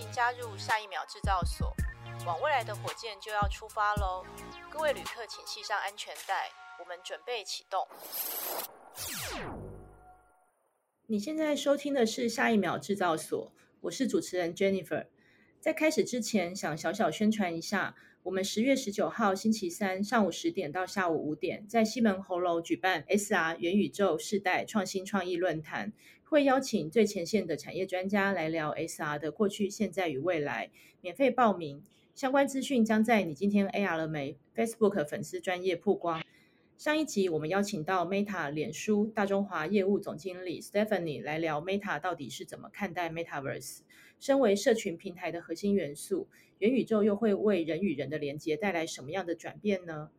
請加入下一秒制造所，往未來的火箭就要出發嘍！各位旅客，請繫上安全帶，我們準備啟動。你現在收聽的是下一秒制造所，我是主持人 Jennifer。在開始之前，想小小宣傳一下。我們十月十九號星期三上午十點到下午五點，在西門紅樓舉辦 X R 元宇宙世代創新創意論壇，會邀請最前線的產業專家來聊 X R 的過去、現在與未來。免費報名，相關資訊將在你今天 A R 了沒 Facebook 粉絲專頁曝光。上一集我們邀請到 Meta 臉書大中華業務總經理 Stephanie 來聊 Meta 到底是怎麼看待 Metaverse，身為社群平台的核心元素。元宇宙又會為人與人的連接帶來什麼樣的轉變呢？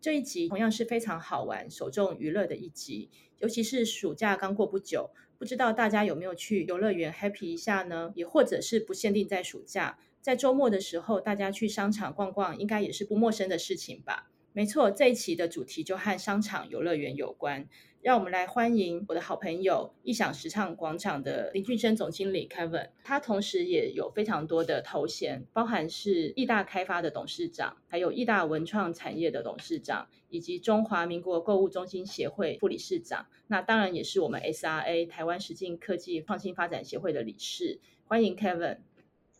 這一集同樣是非常好玩、首重娛樂的一集，尤其是暑假剛過不久，不知道大家有沒有去遊樂園 happy 一下呢？也或者是不限定在暑假，在週末的時候大家去商場逛逛，應該也是不陌生的事情吧？沒錯，這一期的主題就和商場、遊樂園有關。讓我們來歡迎我的好朋友，義享時尚廣場的林俊昇總經理 Kevin。他同時也有非常多的頭銜，包含是義大開發的董事長，還有義大文創產業的董事長，以及中華民國購物中心協會副理事長。那當然也是我們 XRA 台灣實境科技創新發展協會的理事。歡迎 Kevin。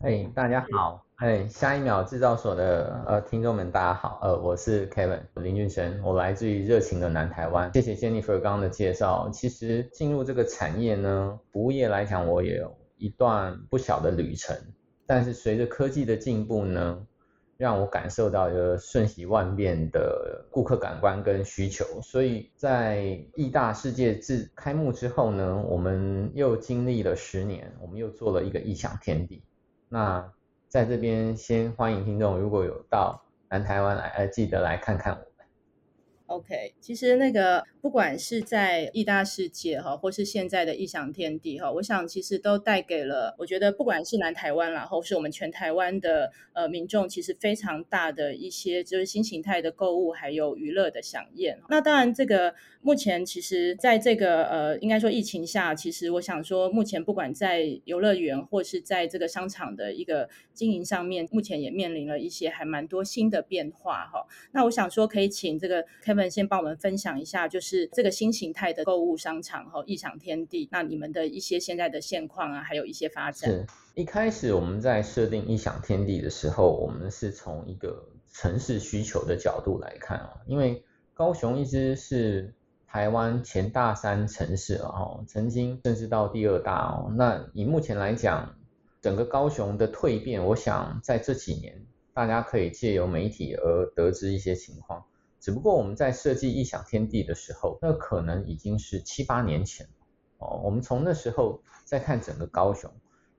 哎，hey, 大家好！哎、hey，下一秒製造所的呃聽眾們，大家好！呃，我是 Kevin 林俊昇，我來自於熱情的南台灣。謝謝 Jennifer 剛剛的介紹。其實進入這個產業呢，服務業來講，我也有一段不小的旅程。但是隨着科技的進步呢，讓我感受到一個瞬息萬變的顧客感官跟需求。所以在義大世界自開幕之後呢，我們又經歷了十年，我們又做了一個義享天地。那在這邊先歡迎聽眾，如果有到南台灣來，呃，記得來看看我。OK，其實那個不管是在義大世界哈，或是現在的義享天地哈，我想其實都帶給了我覺得不管是南台灣，然後是我們全台灣的呃民眾，其實非常大的一些就是新形態的購物還有娛樂的饗宴。那當然，這個目前其實在這個呃應該說疫情下，其實我想說目前不管在遊樂園或是在這個商場的一個。經營上面目前也面臨了一些還蠻多新的變化哈、哦，那我想說可以請這個 Kevin 先幫我們分享一下，就是這個新形態的購物商場哈、哦，義享天地，那你們的一些現在的現況啊，還有一些發展？是一開始我們在設定義享天地的時候，我們是從一個城市需求的角度來看啊、哦，因為高雄一直是台灣前大三城市哦，曾經甚至到第二大哦，那以目前來講。整個高雄的蛻變，我想在這幾年，大家可以借由媒體而得知一些情況。只不過我們在設計義享天地的時候，那可能已經是七八年前了哦。我們從那時候再看整個高雄，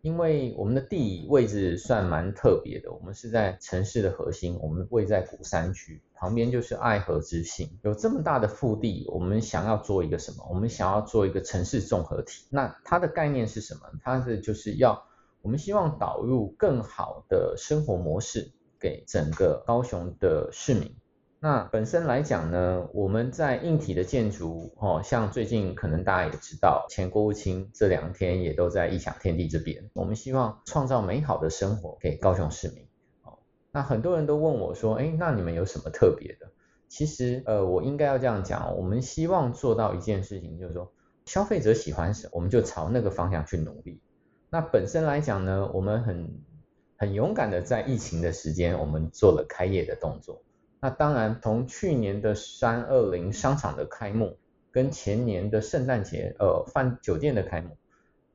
因為我們的地理位置算蠻特別的，我們是在城市的核心，我們位在鼓山區，旁邊就是愛河之心，有這麼大的腹地，我們想要做一個什麼？我們想要做一個城市綜合體。那它的概念是什麼？它是就是要。我們希望導入更好的生活模式給整個高雄的市民。那本身來講呢，我們在硬體的建築，哦，像最近可能大家也知道，前國務卿這兩天也都在義享天地這邊。我們希望創造美好的生活給高雄市民。哦，那很多人都問我說，哎，那你們有什麼特別的？其實，呃，我應該要這樣講，我們希望做到一件事情，就是說，消費者喜歡什麼，我們就朝那個方向去努力。那本身來講呢，我們很很勇敢的在疫情的時間，我們做了開業的動作。那當然，從去年的三二零商場的開幕，跟前年的聖誕節，呃，飯酒店的開幕。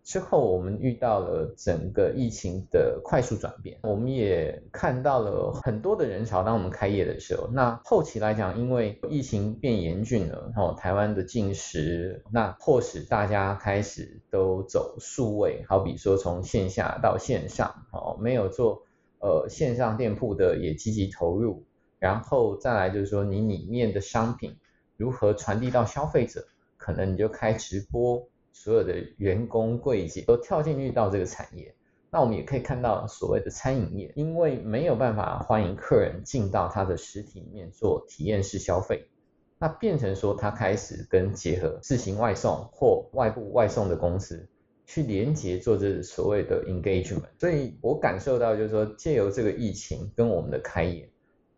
之後我們遇到了整個疫情的快速轉變，我們也看到了很多的人潮，當我們開業的時候，那後期來講，因為疫情變嚴峻了，台灣的進食，那迫使大家開始都走數位，好比說從線下到線上，哦，沒有做呃線上店鋪的也積極投入，然後再來就是說你裡面的商品如何傳遞到消費者，可能你就開直播。所有的員工櫃姐都跳進去到這個產業，那我們也可以看到所謂的餐飲業，因為沒有辦法歡迎客人進到他的實體裡面做體驗式消費，那變成說他開始跟結合自行外送或外部外送的公司去連接做這所謂的 engagement。所以我感受到就是說借由這個疫情跟我們的開業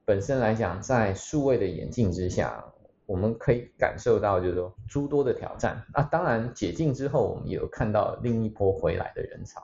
本身來講，在數位的演進之下。我們可以感受到，就是說，諸多的挑戰啊。那當然解禁之後，我們也有看到另一波回來的人潮，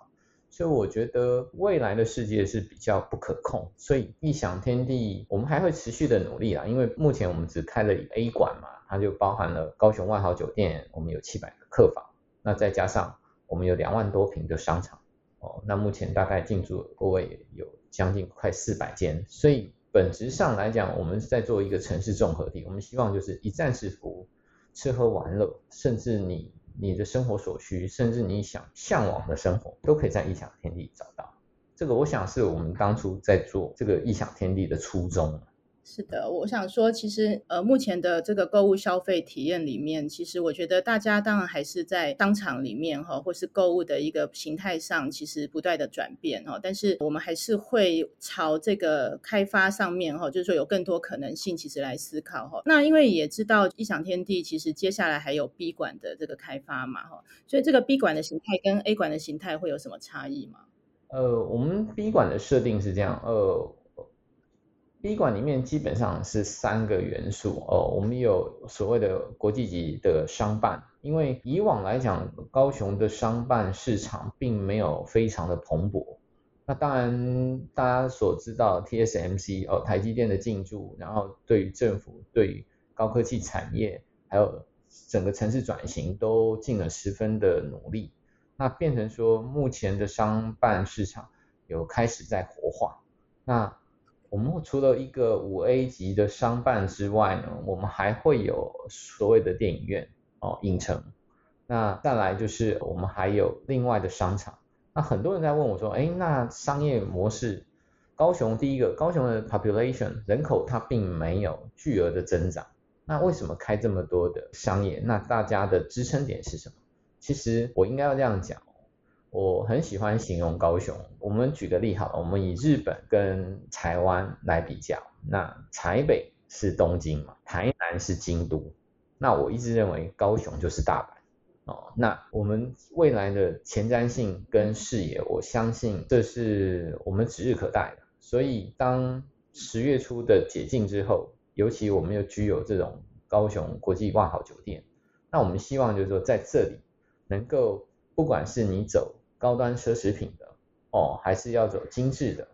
所以我覺得未來的世界是比較不可控。所以義享天地，我們還會持續的努力啦。因為目前我們只開了 A 館嘛，它就包含了高雄萬豪酒店，我們有七百個客房，那再加上我們有兩萬多平的商場，哦，那目前大概進駐的各位有將近快四百間，所以。本質上來講，我們是在做一個城市綜合體，我們希望就是一站式服務，吃喝玩樂，甚至你你的生活所需，甚至你想嚮往的生活，都可以在義享天地找到。這個我想是我們當初在做這個義享天地的初衷。是的，我想說，其實呃，目前的這個購物消費體驗裡面，其實我覺得大家當然還是在商場裡面哈，或是購物的一個形態上，其實不斷的轉變哈。但是我們還是會朝這個開發上面哈，就是說有更多可能性，其實來思考哈。那因為也知道義享天地，其實接下來還有 B 館的這個開發嘛哈，所以這個 B 館的形態跟 A 館的形態會有什麼差異嗎？呃，我們 B 館的設定是這樣，呃。B 館裡面基本上是三個元素哦，我們有所謂的國際級的商辦，因為以往來講，高雄的商辦市場並沒有非常的蓬勃。那當然大家所知道，TSMC 哦，台積電的進駐，然後對於政府、對於高科技產業，還有整個城市轉型都盡了十分的努力，那變成說目前的商辦市場有開始在活化，那。我們除了一個五 A 級的商辦之外呢，我們還會有所謂的電影院哦，影城。那再來就是我們還有另外的商場。那很多人在問我說，哎，那商業模式，高雄第一個，高雄的 population 人口它並沒有巨額的增長，那為什麼開這麼多的商業？那大家的支撐點是什麼？其實我應該要這樣講。我很喜歡形容高雄。我們舉個例，好，我們以日本跟台灣來比較。那台北是東京嘛，台南是京都。那我一直認為高雄就是大阪。哦，那我們未來的前瞻性跟視野，我相信這是我們指日可待的。所以，當十月初的解禁之後，尤其我們又具有這種高雄國際萬豪酒店，那我們希望就是說在這裡能夠，不管是你走。高端奢侈品的哦，還是要走精緻的，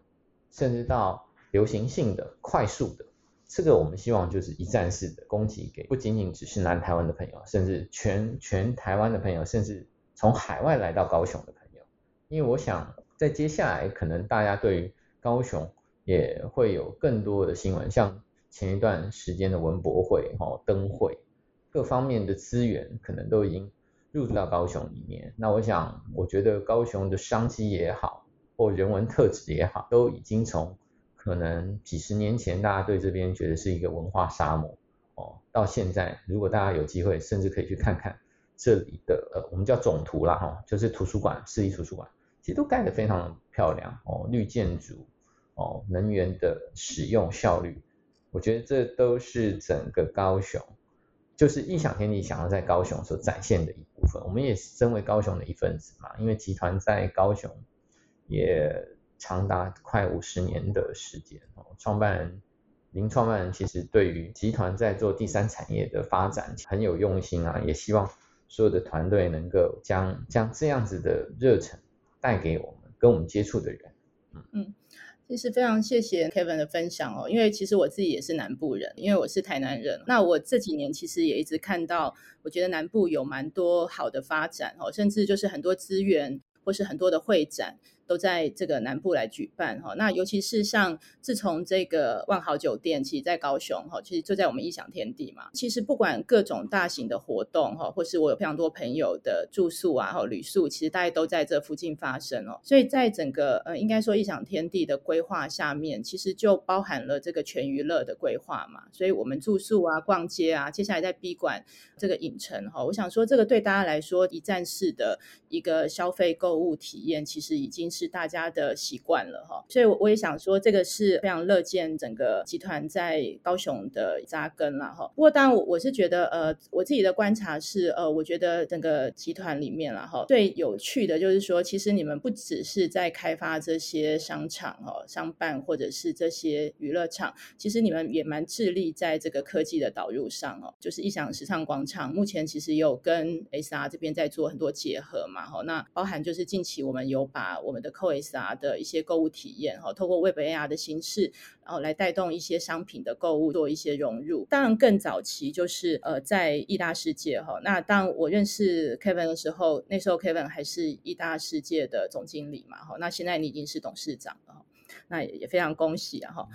甚至到流行性的、快速的，這個我們希望就是一站式的供給給不僅僅只是南台灣的朋友，甚至全全台灣的朋友，甚至從海外來到高雄的朋友，因為我想在接下來可能大家對於高雄也會有更多的新聞，像前一段時間的文博會、哦，燈會，各方面的資源可能都已經。入駐到高雄裡面，那我想，我覺得高雄的商機也好，或人文特質也好，都已經從可能幾十年前大家對這邊覺得是一個文化沙漠哦，到現在，如果大家有機會，甚至可以去看看這裡的呃，我們叫總圖啦，哈、哦，就是圖書館，市立圖書館，其實都蓋得非常漂亮哦，綠建築哦，能源的使用效率，我覺得這都是整個高雄。就是異想天地想要在高雄所展現的一部分。我們也是身為高雄的一份子嘛，因為集團在高雄也長達快五十年的時間哦。創辦人，林創辦人其實對於集團在做第三產業的發展很有用心啊，也希望所有的團隊能夠將將這樣子的熱忱帶給我們跟我們接觸的人。嗯嗯。其實非常謝謝 Kevin 的分享哦，因為其實我自己也是南部人，因為我是台南人。那我這幾年其實也一直看到，我覺得南部有蠻多好的發展哦，甚至就是很多資源或是很多的會展。都在這個南部來舉辦哈，那尤其是像自從這個萬豪酒店，其實在高雄哈，其實就在我們義享天地嘛。其實不管各種大型的活動哈，或是我有非常多朋友的住宿啊，哈旅宿，其實大家都在這附近發生哦。所以在整個呃，應該說義享天地的規劃下面，其實就包含了這個全娛樂的規劃嘛。所以我們住宿啊、逛街啊，接下來在 B 館這個影城哈，我想說這個對大家來說一站式的一個消費購物體驗，其實已經是。是大家的習慣了哈，所以我也想說，這個是非常樂見整個集團在高雄的扎根了哈。不過，但我是覺得，呃，我自己的觀察是，呃，我覺得整個集團裡面了哈，最有趣的就是說，其實你們不只是在開發這些商場哦、商辦或者是這些娛樂場，其實你們也蠻致力在這個科技的導入上哦。就是義享時尚廣場目前其實有跟 SR 這邊在做很多結合嘛哈。那包含就是近期我們有把我們的 c o 的一些購物體驗哈，透過 Web AR 的形式，然、哦、後來帶動一些商品的購物做一些融入。當然，更早期就是呃，在義大世界哈、哦。那當我認識 Kevin 的時候，那時候 Kevin 還是義大世界的總經理嘛哈、哦。那現在你已經是董事長了、哦，那也，也非常恭喜啊哈。哦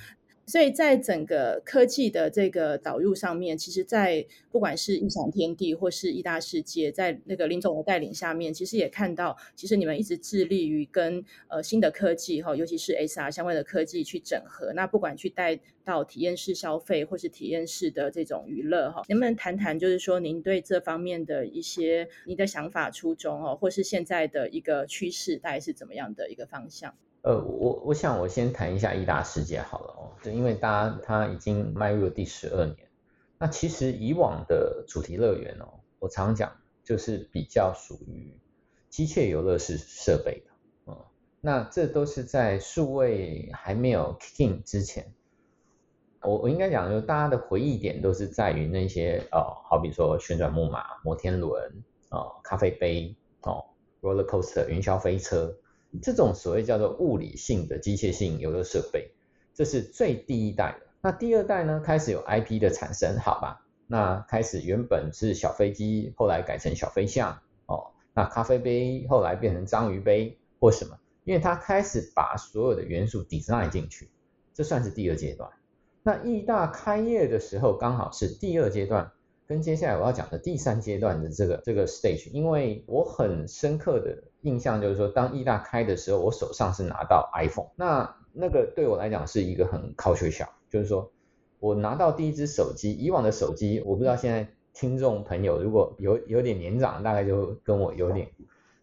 所以在整個科技的這個導入上面，其實，在不管是義享天地或是義大世界，在那個林總的帶領下面，其實也看到，其實你們一直致力於跟呃新的科技哈，尤其是 AR 相關的科技去整合。那不管去帶到體驗式消費或是體驗式的這種娛樂哈，能不能談談就是說您對這方面的一些你的想法初衷哦，或是現在的一個趨勢大概是怎麼樣的一個方向？呃，我我想我先談一下義大世界好了哦，就因為大家它已經邁入了第十二年，那其實以往的主題樂園哦，我常講就是比較屬於機械遊樂式設備的，嗯，那這都是在數位還沒有 kick in 之前，我我應該講就是大家的回憶點都是在於那些哦，好比說旋轉木馬、摩天輪、哦、咖啡杯哦、roller coaster、雲霄飛車。這種所謂叫做物理性的機械性遊樂設備，這是最第一代的。那第二代呢？開始有 IP 的產生，好吧？那開始原本是小飛機，後來改成小飛象哦。那咖啡杯後來變成章魚杯或什麼？因為它開始把所有的元素 design 進去，這算是第二階段。那義大開業的時候剛好是第二階段。跟接下來我要講的第三階段的這個這個 stage，因為我很深刻的印象就是說，當 E 大開的時候，我手上是拿到 iPhone，那那個對我來講是一個很 culture shock 就是說我拿到第一支手機，以往的手機，我不知道現在聽眾朋友如果有有點年長，大概就跟我有點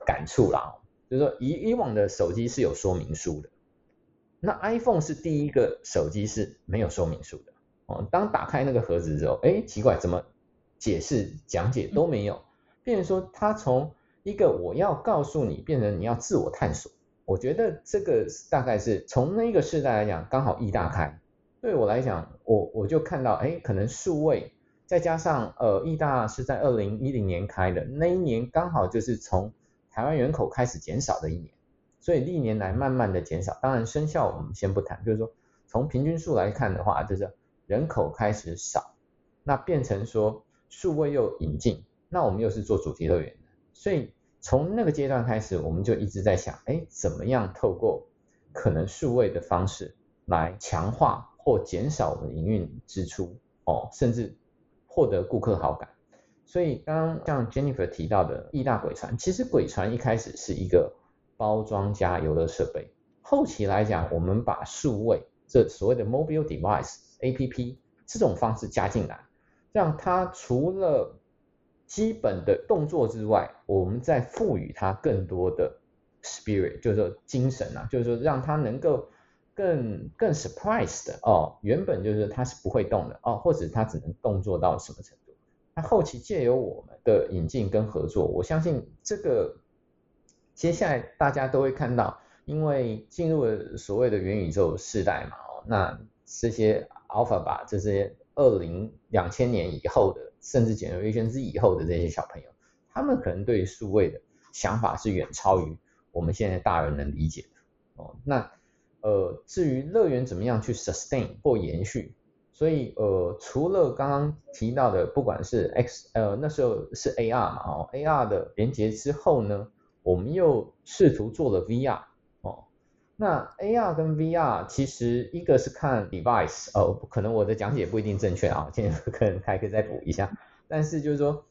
感觸啦。就是說以，以以往的手機是有說明書的，那 iPhone 是第一個手機是沒有說明書的。哦，當打開那個盒子之後，哎、欸，奇怪，怎麼？解釋講解都沒有，嗯、變成說他從一個我要告訴你，變成你要自我探索。我覺得這個大概是從那個世代來講，剛好義大開。對我來講，我我就看到，哎、欸，可能數位再加上呃義大是在二零一零年開的，那一年剛好就是從台灣人口開始減少的一年，所以歷年來慢慢的減少。當然生效我們先不談，就是說從平均數來看的話，就是人口開始少，那變成說。數位又引進，那我們又是做主題樂園的，所以從那個階段開始，我們就一直在想，哎，怎麼樣透過可能數位的方式來強化或減少我們營運支出，哦，甚至獲得顧客好感。所以剛剛像 Jennifer 提到的義大鬼船，其實鬼船一開始是一個包裝加遊樂設備，後期來講，我們把數位這所謂的 mobile device、APP 這種方式加進來。讓他除了基本的動作之外，我們再賦予他更多的 spirit，就是說精神啊，就是說讓他能夠更更 surprise 的哦，原本就是他是不會動的哦，或者他只能動作到什麼程度。那後期借由我們的引進跟合作，我相信這個接下來大家都會看到，因為進入了所謂的元宇宙世代嘛，哦，那這些 alpha 吧，這些。二零兩千年以後的，甚至 Generation Z 以後的這些小朋友，他們可能對於數位的想法是遠超於我們現在大人能理解的。哦，那呃，至於樂園怎麼樣去 sustain 或延續，所以呃，除了剛剛提到的，不管是 X 呃那時候是 AR 嘛，哦 AR 的連接之後呢，我們又試圖做了 VR。那 AR 跟 VR 其實一個是看 device，哦，可能我的講解不一定正確啊，今天可能還可以再補一下。但是就是說，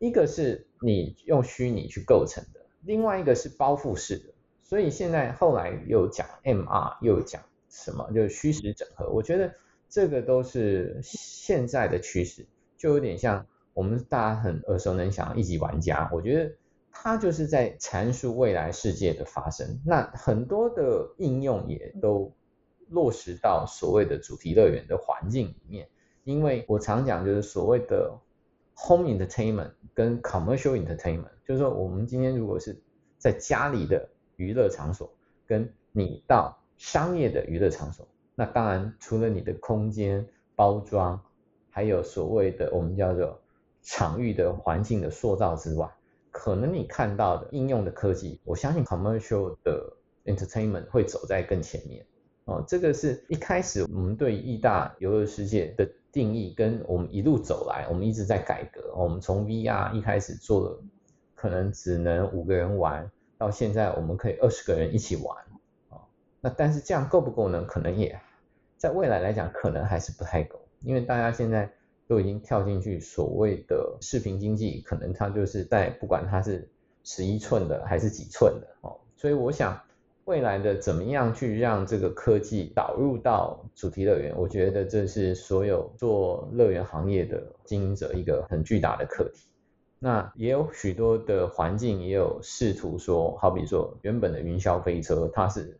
一個是你用虛擬去構成的，另外一個是包覆式的。所以現在後來又講 MR，又講什麼，就是虛實整合。我覺得這個都是現在的趨勢，就有點像我們大家很耳熟能詳的一級玩家。我覺得。它就是在闡述未來世界的發生，那很多的應用也都落實到所謂的主題樂園的環境裡面，因為我常講就是所謂的 home entertainment 跟 commercial entertainment，就是說我們今天如果是在家裡的娛樂場所，跟你到商業的娛樂場所，那當然除了你的空間包裝，還有所謂的我們叫做場域的環境的塑造之外。可能你看到的應用的科技，我相信 commercial 的 entertainment 會走在更前面。哦，這個是一開始我們對於義大遊樂世界的定義，跟我們一路走來，我們一直在改革。哦，我們從 VR 一開始做了，可能只能五個人玩，到現在我們可以二十個人一起玩。哦，那但是這樣夠不夠呢？可能也在未來來講，可能還是不太夠，因為大家現在。都已經跳進去所謂的視頻經濟，可能它就是在，不管它是十一寸的還是幾寸的哦，所以我想未來的怎麼樣去讓這個科技導入到主題樂園，我覺得這是所有做樂園行業的經營者一個很巨大的課題。那也有許多的環境也有試圖說，好比說原本的雲霄飛車，它是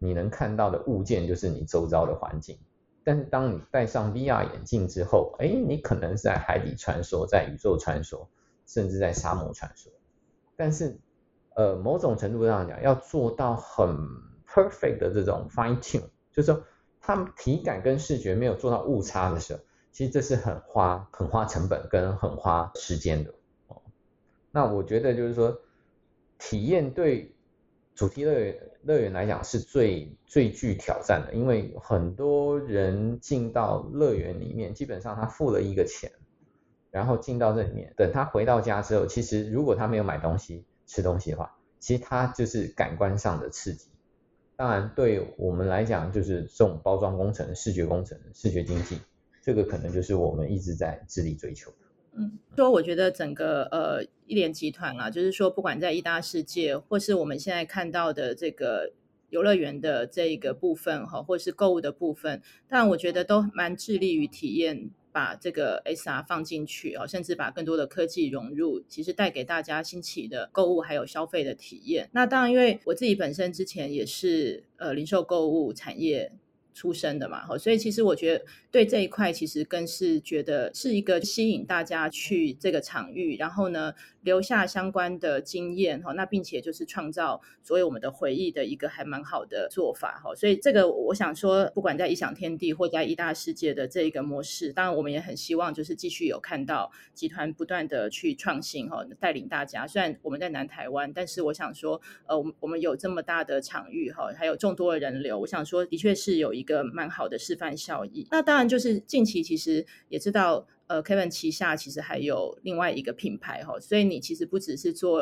你能看到的物件就是你周遭的環境。但是當你戴上 VR 眼鏡之後，哎，你可能是在海底穿梭，在宇宙穿梭，甚至在沙漠穿梭。但是，呃，某種程度上講，要做到很 perfect 的這種 fine tune，就是說，他們體感跟視覺沒有做到誤差的時候，其實這是很花、很花成本跟很花時間的。哦，那我覺得就是說，體驗對。主題樂園樂園來講是最最具挑戰的，因為很多人進到樂園裡面，基本上他付了一個錢，然後進到這裡面，等他回到家之後，其實如果他沒有買東西吃東西的話，其實他就是感官上的刺激。當然，對我們來講，就是這種包裝工程、視覺工程、視覺經濟，這個可能就是我們一直在致力追求的。嗯，所以我覺得整個呃，義聯集團啊，就是說不管在義大世界，或是我們現在看到的這個遊樂園的這一個部分哈、哦，或是購物的部分，但我覺得都蠻致力於體驗把這個 XR 放進去哦，甚至把更多的科技融入，其實帶給大家新奇的購物還有消費的體驗。那當然，因為我自己本身之前也是呃零售購物產業。出生的嘛，所以其實我覺得對這一塊其實更是覺得是一個吸引大家去這個場域，然後呢，留下相關的經驗哈，那並且就是創造所有我們的回憶的一個還蠻好的做法哈。所以這個我想說，不管在異想天地或在一大世界的這一個模式，當然我們也很希望就是繼續有看到集團不斷的去創新哈，帶領大家。雖然我們在南台灣，但是我想說，呃，我們我們有這麼大的場域哈，還有眾多的人流，我想說的確是有一個。一個蠻好的示範效益。那當然就是近期其實也知道，呃，Kevin 旗下其實還有另外一個品牌哈，哦，所以你其實不只是做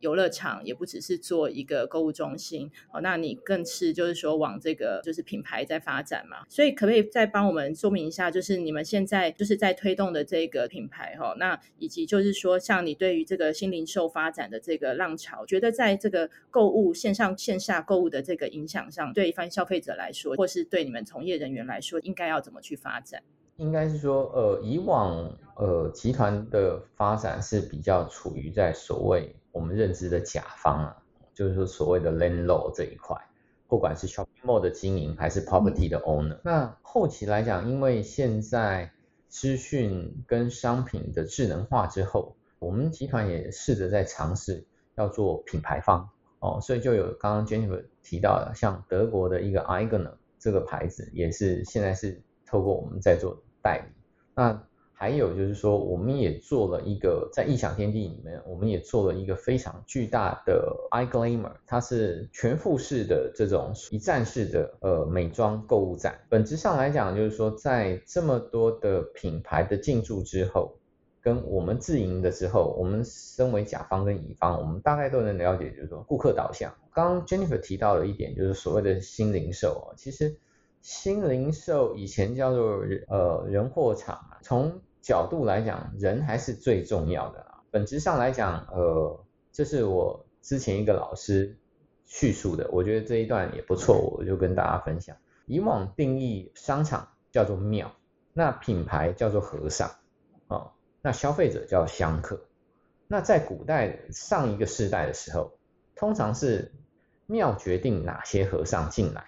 遊樂場也不只是做一個購物中心哦，那你更是就是說往這個就是品牌在發展嘛？所以可不可以再幫我們說明一下，就是你們現在就是在推動的這個品牌哈？那以及就是說，像你對於這個新零售發展的這個浪潮，覺得在這個購物線上線下購物的這個影響上，對一般消費者來說，或是對你們從業人員來說，應該要怎麼去發展？應該是說，呃，以往呃集團的發展是比較處於在所謂。我們認知的甲方啊，就是說所謂的 landlord 這一塊，不管是 shopping mall 的經營，還是 property 的 owner，嗯、那後期來講，因為現在資訊跟商品的智能化之後，我們集團也試着在嘗試要做品牌方哦，所以就有剛剛 Jennifer 提到的，像德國的一個 Aigner 這個牌子，也是現在是透過我們在做代理。那還有就是說，我們也做了一個在義享天地裡面，我們也做了一個非常巨大的 iGLAMOUR，它是全覆式的這種一站式的呃美妝購物展。本質上來講，就是說在這麼多的品牌的進駐之後，跟我們自營的之後，我們身為甲方跟乙方，我們大概都能了解，就是說顧客導向。剛剛 Jennifer 提到了一點，就是所謂的新零售啊、哦，其實新零售以前叫做人呃人貨場啊，從角度來講，人還是最重要的。本質上來講，呃，這是我之前一個老師敘述的，我覺得這一段也不錯，我就跟大家分享。以往定義商場叫做廟，那品牌叫做和尚，啊、哦，那消費者叫香客。那在古代上一個世代的時候，通常是廟決定哪些和尚進來，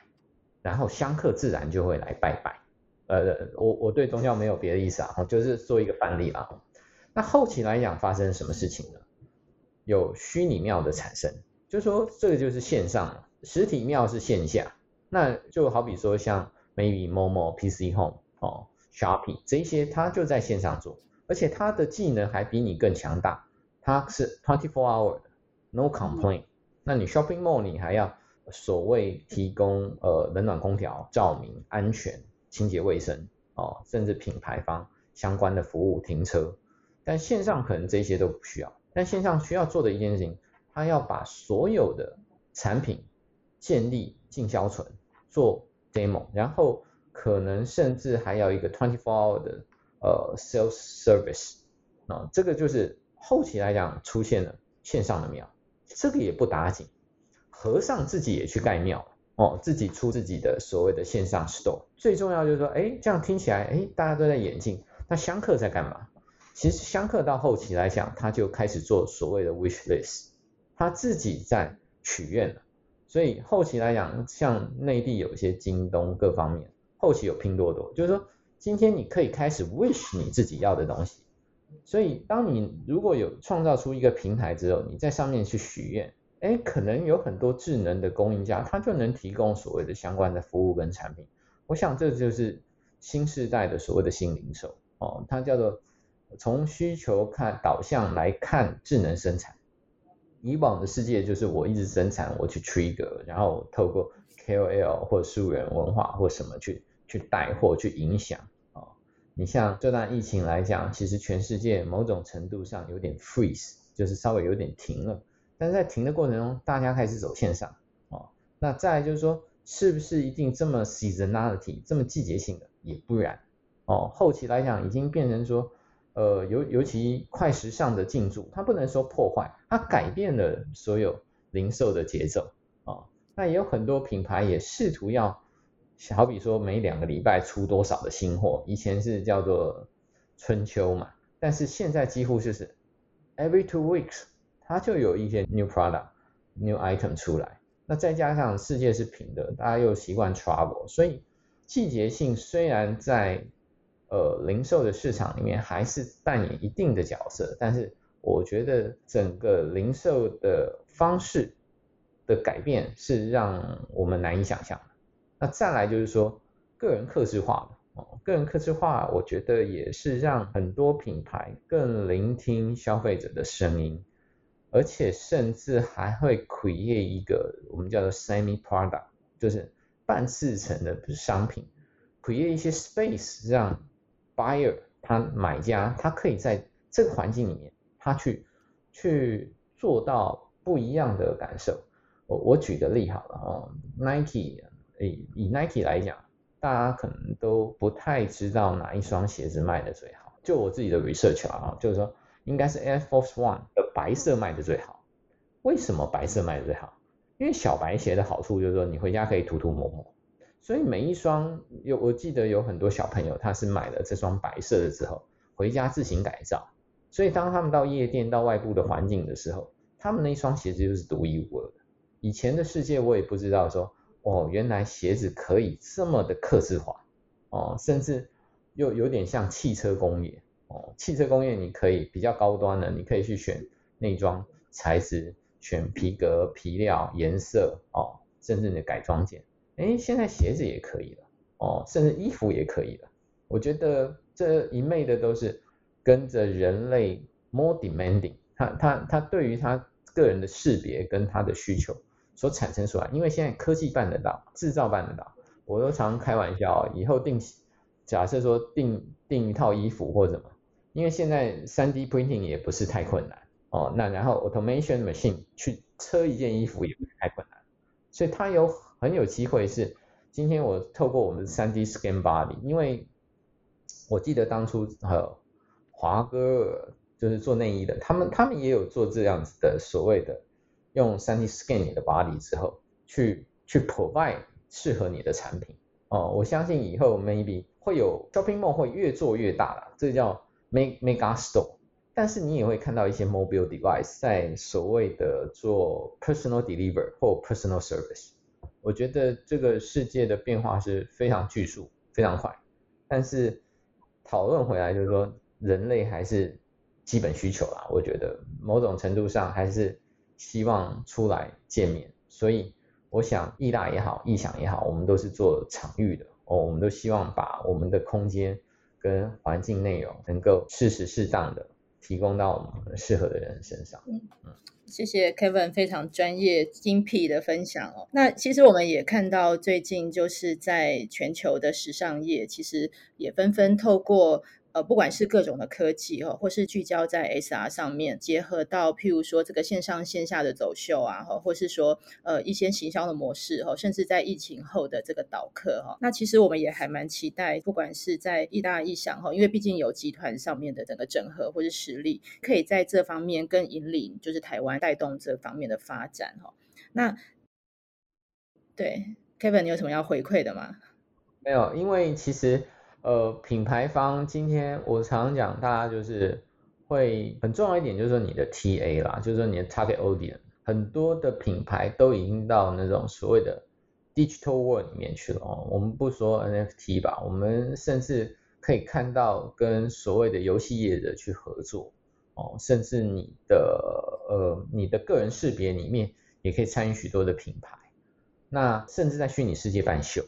然後香客自然就會來拜拜。呃，我我對宗教沒有別的意思啊，就是做一個範例啦、啊。那後期來講發生什麼事情呢？有虛擬廟的產生，就說這個就是線上，實體廟是線下。那就好比說像 maybe momo, pc home, 哦 Shopee 這一些，它就在線上做，而且它的技能還比你更強大。它是 twenty four hour, no complaint。那你 shopping mall 你還要所謂提供呃冷暖空調、照明、安全。清潔衛生，哦，甚至品牌方相關的服務、停車，但線上可能這些都不需要。但線上需要做的一件事情，他要把所有的產品建立進銷存，做 demo，然後可能甚至還要一個24 hour 的呃 sales service，哦。啊，這個就是後期來講出現了線上的廟，這個也不打緊，和尚自己也去蓋廟。哦，自己出自己的所謂的線上 store，最重要就是說，哎，這樣聽起來，哎，大家都在演進，那香客在幹嘛？其實香客到後期來講，他就開始做所謂的 wish list，他自己在許願了。所以後期來講，像內地有一些京東各方面，後期有拼多多，就是說今天你可以開始 wish 你自己要的東西。所以當你如果有創造出一個平台之後，你在上面去許願。哎，可能有很多智能的供應家，他就能提供所謂的相關的服務跟產品。我想這就是新時代的所謂的新零售哦，它叫做從需求看導向來看智能生產。以往的世界就是我一直生產，我去 trigger，然後透過 KOL 或素人文化或什麼去去帶貨去影響啊、哦。你像這段疫情來講，其實全世界某種程度上有點 freeze，就是稍微有點停了。但是在停的過程中，大家開始走線上哦，那再就是說，是不是一定這麼 seasonality 這麼季節性的？也不然哦。後期來講，已經變成說，呃，尤尤其快時尚的進駐，它不能說破壞，它改變了所有零售的節奏啊。哦，那也有很多品牌也試圖要，好比說每兩個禮拜出多少的新貨，以前是叫做春秋嘛，但是現在幾乎就是 every two weeks。它就有一些 new product、new item 出來，那再加上世界是平的，大家又習慣 travel，所以季節性雖然在呃零售的市場裡面還是扮演一定的角色，但是我覺得整個零售的方式的改變是讓我們難以想象的。那再來就是說個人客製化的哦，個人客製化，我覺得也是讓很多品牌更聆聽消費者的聲音。而且甚至還會 create 一個我們叫做 semi product，就是半製成的商品，create 一些 space 讓 buyer 他買家他可以在這個環境裡面，他去去做到不一樣的感受。我我舉個例好了哦，Nike，以以 Nike 來講，大家可能都不太知道哪一雙鞋子賣的最好。就我自己的 research 啊，就是說。應該是 Air Force One 的白色賣的最好，為什麼白色賣的最好？因為小白鞋的好處就是說，你回家可以塗塗抹抹，所以每一雙有，我記得有很多小朋友他是買了這雙白色的之後，回家自行改造，所以當他們到夜店到外部的環境的時候，他們那一雙鞋子就是獨一無二的。以前的世界我也不知道說，哦，原來鞋子可以這麼的客製化，哦，甚至又有，有點像汽車工業。哦，汽車工業你可以比較高端的，你可以去選內裝材質，選皮革皮料顏色哦，甚至你的改裝件。哎，現在鞋子也可以了哦，甚至衣服也可以了。我覺得這一類的都是跟着人類 more demanding，他他他對於他個人的識別跟他的需求所產生出來，因為現在科技辦得到，製造辦得到。我都常開玩笑，以後定假設說定定一套衣服或者什麼。因為現在三 D printing 也不是太困難哦，那然後 automation machine 去車一件衣服也不是太困難，所以它有很有機會是今天我透過我們三 D scan body，因為我記得當初和、呃、華哥就是做內衣的，他們他們也有做這樣子的所謂的用三 D scan 你的 body 之後去去 provide 適合你的產品哦，我相信以後 maybe 會有 shopping mall 會越做越大了，這叫。Make Make us store，但是你也會看到一些 mobile device 在所謂的做 personal deliver 或 personal service。我覺得這個世界的變化是非常巨速、非常快。但是討論回來就是說，人類還是基本需求啦。我覺得某種程度上還是希望出來見面。所以我想義大也好、義享也好，我們都是做場域的哦，我們都希望把我們的空間。跟環境內容能夠適時適當的提供到我們適合的人身上。嗯嗯，謝謝 Kevin 非常專業精闢的分享哦。那其實我們也看到最近就是在全球的時尚業，其實也紛紛透過。呃，不管是各種的科技哈，或是聚焦在 XR 上面，結合到譬如說這個線上線下的走秀啊，或是說呃一些行銷的模式哈，甚至在疫情後的這個導客哈，那其實我們也還蠻期待，不管是在義大、義享哈，因為畢竟有集團上面的整個整合或是實力，可以在這方面更引領，就是台灣帶動這方面的發展哈。那對 Kevin，你有什麼要回饋的嗎？沒有，因為其實。呃，品牌方今天我常常講，大家就是會很重要一點，就是說你的 TA 啦，就是說你的 Target Audience，很多的品牌都已經到那種所謂的 Digital World 裡面去了哦。我們不說 NFT 吧，我們甚至可以看到跟所謂的遊戲業者去合作哦，甚至你的呃你的個人識別裡面也可以參與許多的品牌，那甚至在虛擬世界辦秀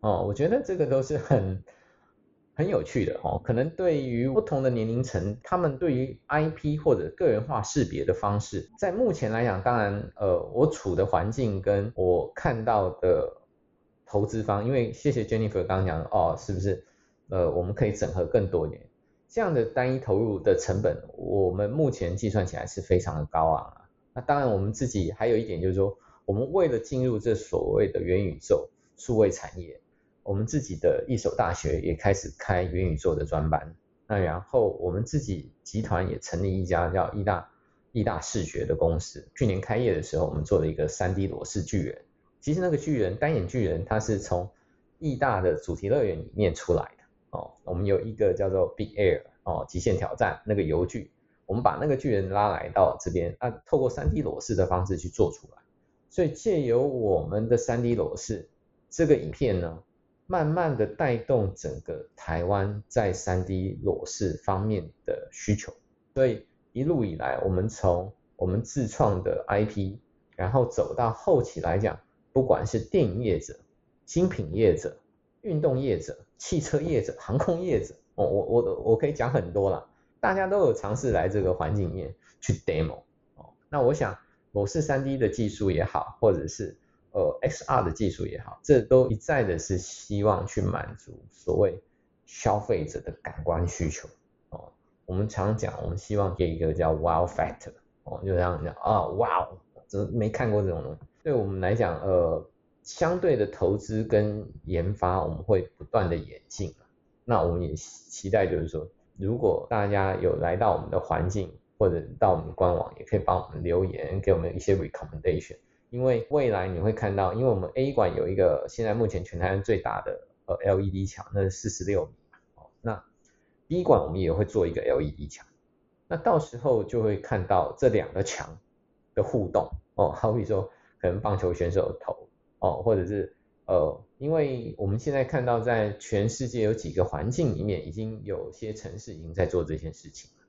哦，我覺得這個都是很。 很有趣的哦，可能對於不同的年齡層，他們對於 IP 或者個人化識別的方式，在目前來講，當然，呃，我處的環境跟我看到的投資方，因為謝謝 Jennifer 剛剛講哦，是不是？呃，我們可以整合更多一點，這樣的單一投入的成本，我們目前計算起來是非常的高昂啊。那當然，我們自己還有一點就是說，我們為了進入這所謂的元宇宙數位產業。我們自己的一所大學也開始開元宇宙的專班。那然後我們自己集團也成立一家叫義大義大視覺的公司，去年開業的時候，我們做了一個三 D 裸視巨人。其實那個巨人單眼巨人，它是從義大的主題樂園裡面出來的哦。我們有一個叫做 Big Air 哦極限挑戰那個遊具，我們把那個巨人拉來到這邊，啊，透過三 D 裸視的方式去做出來。所以借由我們的三 D 裸視這個影片呢，慢慢的帶動整個台灣在三 D 裸視方面的需求，所以一路以來，我們從我們自創的 IP，然後走到後期來講，不管是電影業者、精品業者、運動業者、汽車業者、航空業者，我我我，我可以講很多了，大家都有嘗試來這個環境業去 demo 哦。那我想，裸視三 D 的技術也好，或者是呃，XR 的技術也好，這都一再的是希望去滿足所謂消費者的感官需求哦。我們常講，我們希望給一個叫 wow factor，哦，就這樣講啊，哇、哦，只、wow, 沒看過這種東西。對我們來講，呃，相對的投資跟研發，我們會不斷的演進。那我們也期待，就是說，如果大家有來到我們的環境，或者到我們官網，也可以幫我們留言，給我們一些 recommendation。因為未來你會看到，因為我們 A 館有一個現在目前全台灣最大的呃 LED 牆，那是四十六米哦。那 B 館我們也會做一個 LED 牆，那到時候就會看到這兩個牆的互動哦。好比說可能棒球選手的投哦，或者是呃，因為我們現在看到在全世界有幾個環境裡面，已經有些城市已經在做這件事情了，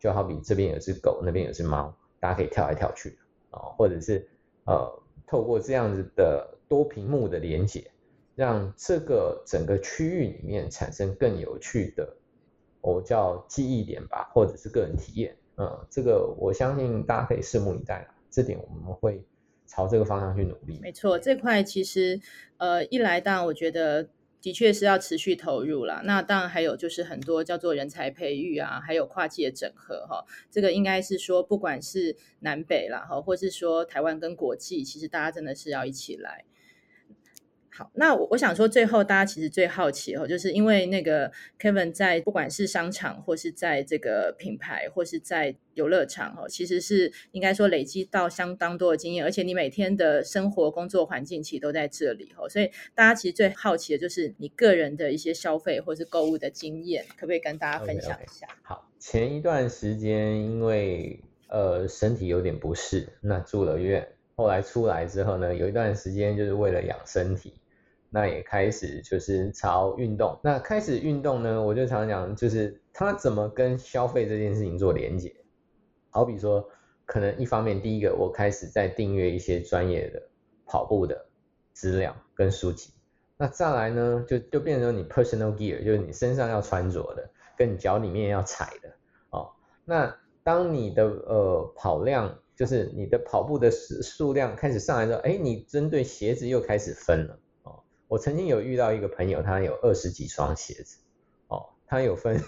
就好比這邊有隻狗，那邊有隻貓，大家可以跳來跳去哦，或者是。呃，透過這樣子的多屏幕的連接，讓這個整個區域裡面產生更有趣的，我、哦、叫記憶點吧，或者是個人體驗。呃，這個我相信大家可以拭目以待。這點我們會朝這個方向去努力。沒錯，這塊其實，呃，一來到我覺得。的確是要持續投入啦。那當然還有就是很多叫做人才培育啊，還有跨界的整合哈、喔，這個應該是說不管是南北啦哈，或是說台灣跟國際，其實大家真的是要一起來。好，那我我想說，最後大家其實最好奇哦，就是因為那個 Kevin 在不管是商場或是在這個品牌或是在遊樂場哦，其實是應該說累積到相當多的經驗，而且你每天的生活工作環境其實都在這裡哦，所以大家其實最好奇的就是你個人的一些消費或是購物的經驗，可不可以跟大家分享一下？Okay, okay. 好，前一段時間因為呃身體有點不適，那住了院，後來出來之後呢，有一段時間就是為了養身體。那也開始就是朝運動，那開始運動呢，我就常常講，就是他怎麼跟消費這件事情做連結。好比說，可能一方面，第一個，我開始在訂閱一些專業的跑步的資料跟書籍。那再來呢，就就變成你 personal gear，就是你身上要穿着的，跟你腳裡面要踩的哦。那當你的呃跑量，就是你的跑步的數量開始上來之後，哎、欸，你針對鞋子又開始分了。我曾經有遇到一個朋友，他有二十幾雙鞋子，哦，他有分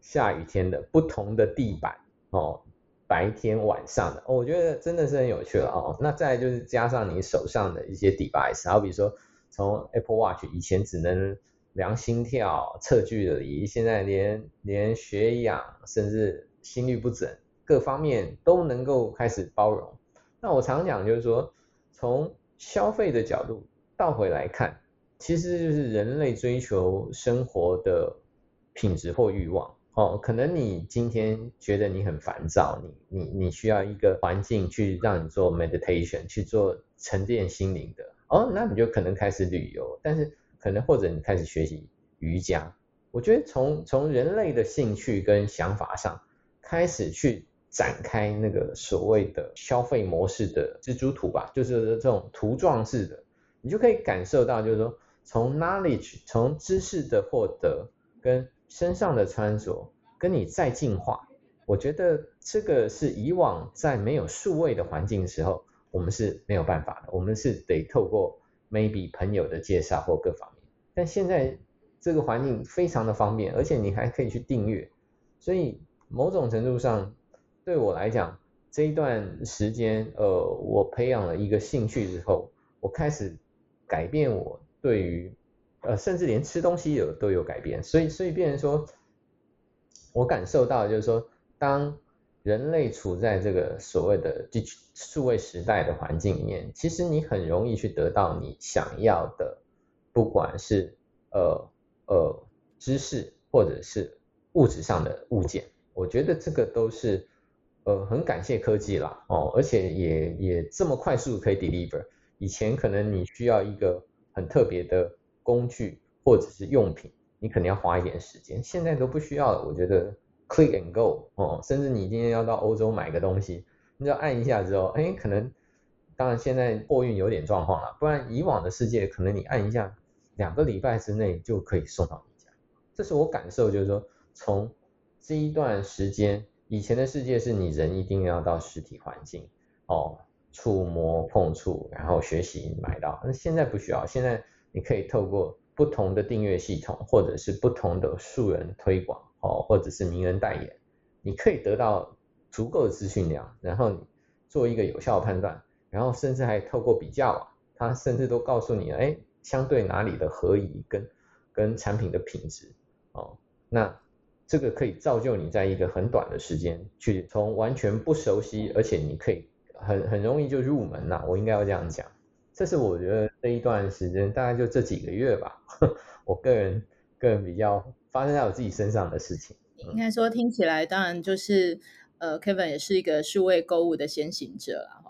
下雨天的不同的地板，哦，白天晚上的，哦，我覺得真的是很有趣了哦。那再就是加上你手上的一些 device，好比如說，從 Apple Watch 以前只能量心跳、測距離，現在連連血氧，甚至心率不整，各方面都能夠開始包容。那我常講就是說，從消費的角度倒回來看。其實就是人類追求生活的品質或慾望哦，可能你今天覺得你很煩躁，你你你需要一個環境去讓你做 meditation 去做沉澱心靈的哦，那你就可能開始旅遊，但是可能或者你開始學習瑜伽。我覺得從從人類的興趣跟想法上開始去展開那個所謂的消費模式的蜘蛛圖吧，就是這種圖狀式的，你就可以感受到就是說。從 knowledge 從知識的獲得跟身上的穿着跟你再進化，我覺得這個是以往在沒有數位的環境的時候，我們是沒有辦法的，我們是得透過 maybe 朋友的介紹或各方面，但現在這個環境非常的方便，而且你還可以去訂閱，所以某種程度上對我來講，這一段時間，呃，我培養了一個興趣之後，我開始改變我。對於，呃，甚至連吃東西都有都有改變，所以，所以變成說，我感受到就是說，當人類處在這個所謂的 digital 數位時代的環境裡面，其實你很容易去得到你想要的，不管是呃呃知識或者是物質上的物件，我覺得這個都是呃很感謝科技啦哦，而且也也這麼快速可以 deliver，以前可能你需要一個。很特別的工具或者是用品，你肯定要花一點時間。現在都不需要了，我覺得 click and go 哦，甚至你今天要到歐洲買個東西，你要按一下之後，哎、欸，可能，當然現在貨運有點狀況了，不然以往的世界可能你按一下，兩個禮拜之內就可以送到你家。這是我感受，就是說從這一段時間，以前的世界是你人一定要到實體環境哦。觸摸碰觸，然後學習買到。那現在不需要，現在你可以透過不同的訂閱系統，或者是不同的素人推廣哦，或者是名人代言，你可以得到足夠的資訊量，然後你做一個有效的判斷，然後甚至還透過比較，他甚至都告訴你，哎，相對哪裡的合宜跟跟產品的品質哦，那這個可以造就你在一個很短的時間，去從完全不熟悉，而且你可以。很很容易就入門了，我應該要這樣講。這是我覺得這一段時間，大概就這幾個月吧，我個人個人比較發生在我自己身上的事情。應該說聽起來，當然就是呃，Kevin 也是一個數位購物的先行者啊。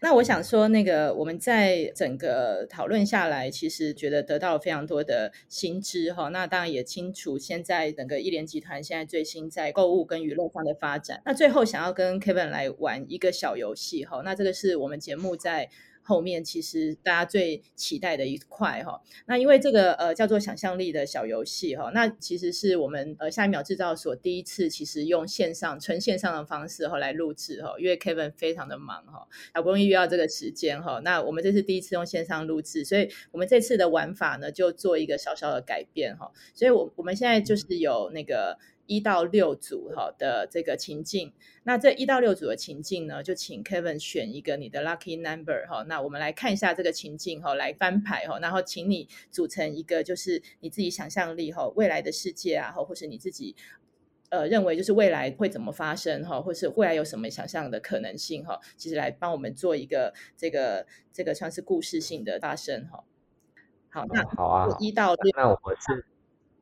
那我想說，那個我們在整個討論下來，其實覺得得到了非常多的新知哈、哦。那當然也清楚，現在整個義聯集團現在最新在購物跟娛樂方的發展。那最後想要跟 Kevin 來玩一個小遊戲哈、哦。那這個是我們節目在。後面其實大家最期待的一塊哈、哦，那因為這個呃叫做想象力的小遊戲哈、哦，那其實是我們呃下一秒製造所第一次其實用線上純線上的方式哈、哦、來錄製哈、哦。因為 Kevin 非常的忙哈、哦，好不容易遇到這個時間哈、哦，那我們這是第一次用線上錄製，所以我們這次的玩法呢就做一個小小的改變哈、哦，所以我我們現在就是有那個。嗯一到六組哈的這個情境，那這一到六組的情境呢，就請 Kevin 選一個你的 lucky number 哈。那我們來看一下這個情境哈，來翻牌哈，然後請你組成一個就是你自己想象力，哈，未來的世界啊，或或是你自己呃認為就是未來會怎麼發生哈，或是未來有什麼想象的可能性哈，其實來幫我們做一個這個這個算是故事性的發生哈。好，那、嗯、好啊，一到六，那我是。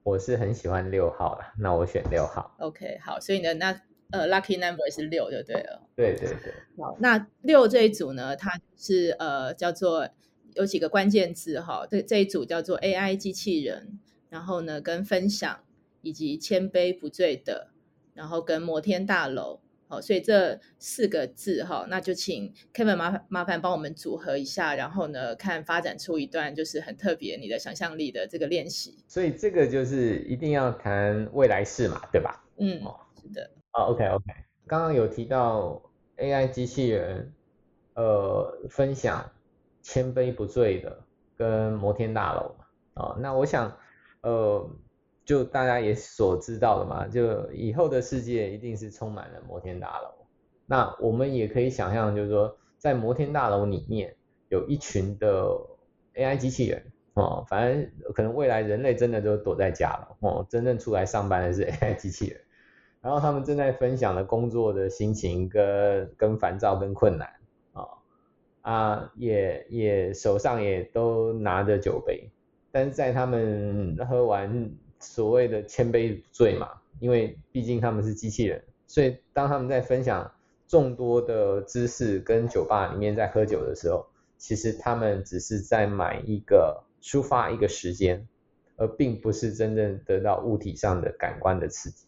我是很喜歡六號啦，那我選六號。OK，好，所以呢，那呃，lucky number 是六就對了。對對對，好，那六這一組呢，它是呃叫做有幾個關鍵字哈、哦，這這一組叫做 AI 機器人，然後呢跟分享以及千杯不醉的，然後跟摩天大樓。好，所以這四個字哈，那就請 Kevin 麻煩麻煩幫我們組合一下，然後呢，看發展出一段就是很特別你的想象力的這個練習。所以這個就是一定要談未來式嘛，對吧？嗯，哦，是的。啊、oh,，OK OK，剛剛有提到 AI 機器人，呃，分享千杯不醉的跟摩天大樓啊、哦，那我想，呃。就大家也所知道的嘛，就以後的世界一定是充滿了摩天大樓。那我們也可以想象，就是說，在摩天大樓裡面有一群的 AI 機器人哦，反正可能未來人類真的都躲在家了哦，真正出來上班的是 AI 機器人。然後他們正在分享了工作的心情跟跟煩躁跟困難啊、哦、啊，也也手上也都拿着酒杯，但是在他們喝完。所謂的千杯不醉嘛，因為畢竟他們是機器人，所以當他們在分享眾多的知識跟酒吧裡面在喝酒的時候，其實他們只是在買一個抒發一個時間，而並不是真正得到物體上的感官的刺激。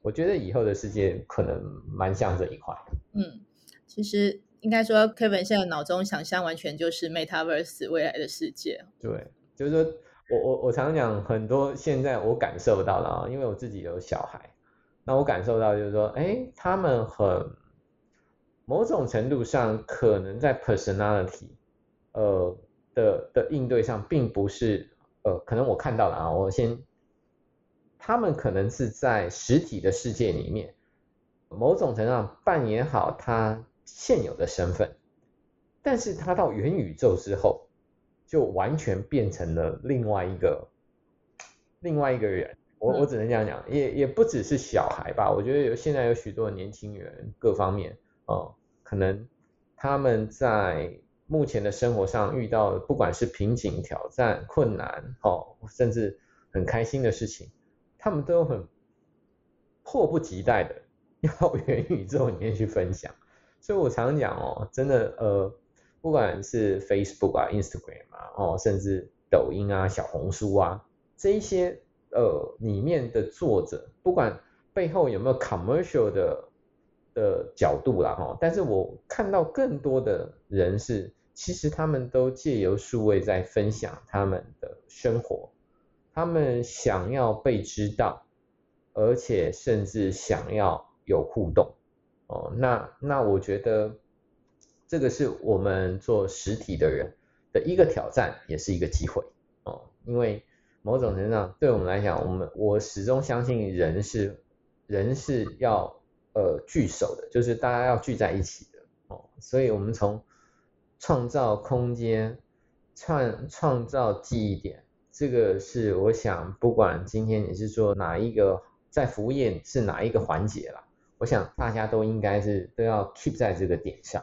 我覺得以後的世界可能蠻像這一塊。嗯，其實應該說 Kevin 現在腦中想象完全就是 Metaverse 未來的世界。對，就是說。我我我常常講很多，現在我感受到了啊，因為我自己有小孩，那我感受到就是說，哎，他們很某種程度上可能在 personality 呃的的應對上，並不是呃，可能我看到了啊，我先他們可能是在實體的世界裡面，某種程度上扮演好他現有的身份，但是他到元宇宙之後，就完全變成了另外一個另外一個人，我我只能這樣講，也也不只是小孩吧，我覺得有現在有許多年輕人，各方面哦，可能他們在目前的生活上遇到的，不管是瓶頸、挑戰、困難，哦，甚至很開心的事情，他們都很迫不及待的要元宇宙裡面去分享，所以我常講哦，真的呃。不管是 Facebook 啊、Instagram 啊，哦，甚至抖音啊、小紅書啊，這一些呃裡面的作者，不管背後有沒有 commercial 的的角度啦，哈、哦，但是我看到更多的人是，其實他們都借由數位在分享他們的生活，他們想要被知道，而且甚至想要有互動，哦，那那我覺得。這個是我們做實體的人的一個挑戰，也是一個機會哦。因為某種程度上，對我們來講，我們我始終相信人是人是要呃聚首的，就是大家要聚在一起的哦。所以，我們從創造空間、創創造記憶點，這個是我想，不管今天你是做哪一個，在服務業是哪一個環節了，我想大家都應該是都要 keep 在這個點上。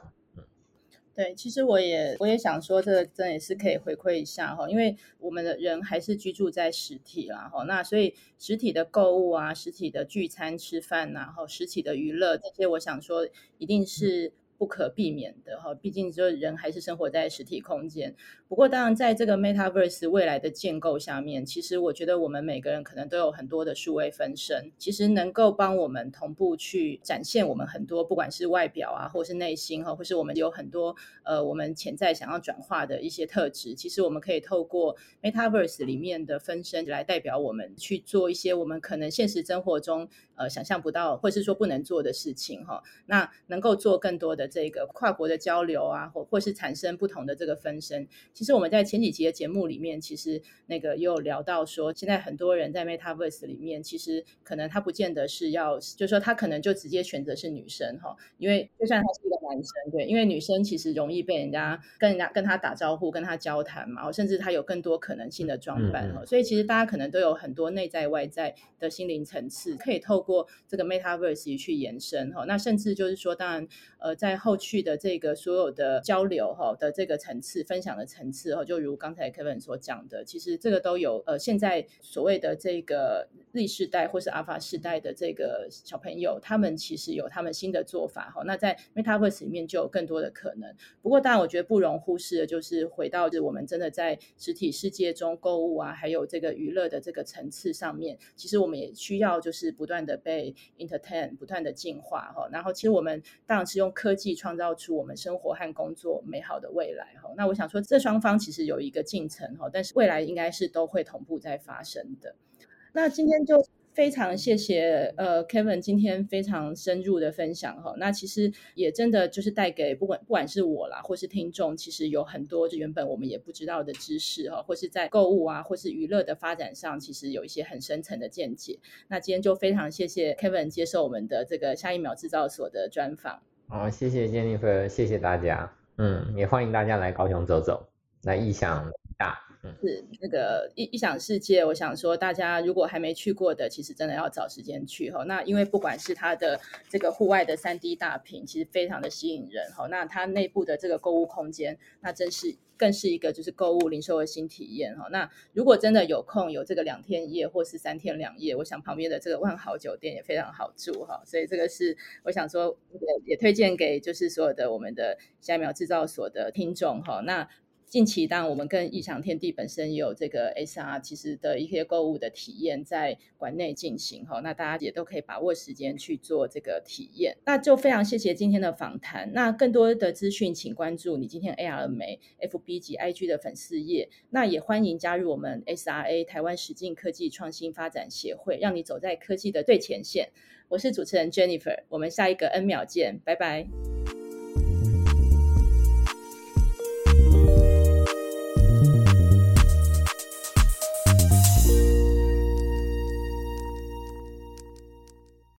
對，其實我也我也想說，這個真的也是可以回饋一下哈，因為我們的人還是居住在實體啦。哈，那所以實體的購物啊，實體的聚餐吃飯啊，然後實體的娛樂，這些我想說一定是。不可避免的哈，畢竟就人還是生活在實體空間。不過，當然在這個 Metaverse 未來的建構下面，其實我覺得我們每個人可能都有很多的數位分身，其實能夠幫我們同步去展現我們很多，不管是外表啊，或是內心哈，或是我們有很多呃，我們潛在想要轉化的一些特質，其實我們可以透過 Metaverse 裡面的分身來代表我們去做一些我們可能現實生活中呃，想象不到，或是說不能做的事情哈。那能夠做更多的這個跨國的交流啊，或或是產生不同的這個分身。其實我們在前幾集的節目裡面，其實那個也有聊到說，現在很多人在 Metaverse 裡面，其實可能他不見得是要，就是說他可能就直接選擇是女生哈，因為就算他是一個男生對，因為女生其實容易被人家跟人家跟他打招呼，跟他交談嘛，哦，甚至他有更多可能性的裝扮，嗯嗯，所以其實大家可能都有很多內在外在的心靈層次，可以透過這個 Metaverse 去延伸哈。那甚至就是說，當然呃，在後續的這個所有的交流哈的這個層次、分享的層次哈，就如剛才 Kevin 所講的，其實這個都有呃，現在所謂的這個 Z 世代或是 Alpha 世代的這個小朋友，他們其實有他們新的做法哈。那在 Metaverse。裡面就有更多的可能。不過，當然，我覺得不容忽視的就是，回到我們真的在實體世界中購物啊，還有這個娛樂的這個層次上面，其實我們也需要就是不斷的被 entertain，不斷的進化哈。然後，其實我們當然是用科技創造出我們生活和工作美好的未來哈。那我想說，這雙方其實有一個進程哈，但是未來應該是都會同步在發生的。那今天就。非常謝謝，呃，Kevin 今天非常深入的分享哈，那其實也真的就是帶給不管不管是我啦，或是聽眾，其實有很多就原本我們也不知道的知識哈，或是在購物啊，或是娛樂的發展上，其實有一些很深層的見解。那今天就非常謝謝 Kevin 接受我們的這個下一秒制造所的專訪。好，謝謝 Jennifer，謝謝大家，嗯，也歡迎大家來高雄走走，那義享大。是那個異異想世界，我想說，大家如果還沒去過的，其實真的要找時間去哈。那因為不管是它的這個戶外的 3D 大屏，其實非常的吸引人哈。那它內部的這個購物空間，那真是更是一個就是購物零售的新體驗哈。那如果真的有空有這個兩天一夜或是三天兩夜，我想旁邊的這個萬豪酒店也非常好住哈。所以這個是我想說也也推薦給就是所有的我們的蝦苗製造所的聽眾哈。那。近期當然，我們跟義享天地本身也有這個 s r 其實的一些購物的體驗在館內進行哈，那大家也都可以把握時間去做這個體驗。那就非常謝謝今天的訪談。那更多的資訊，請關注你今天 AR 了沒 FB 及 IG 的粉絲頁。那也歡迎加入我們 XRA 台灣實境科技創新發展協會，讓你走在科技的最前線。我是主持人 Jennifer，我們下一個 N 秒見，拜拜。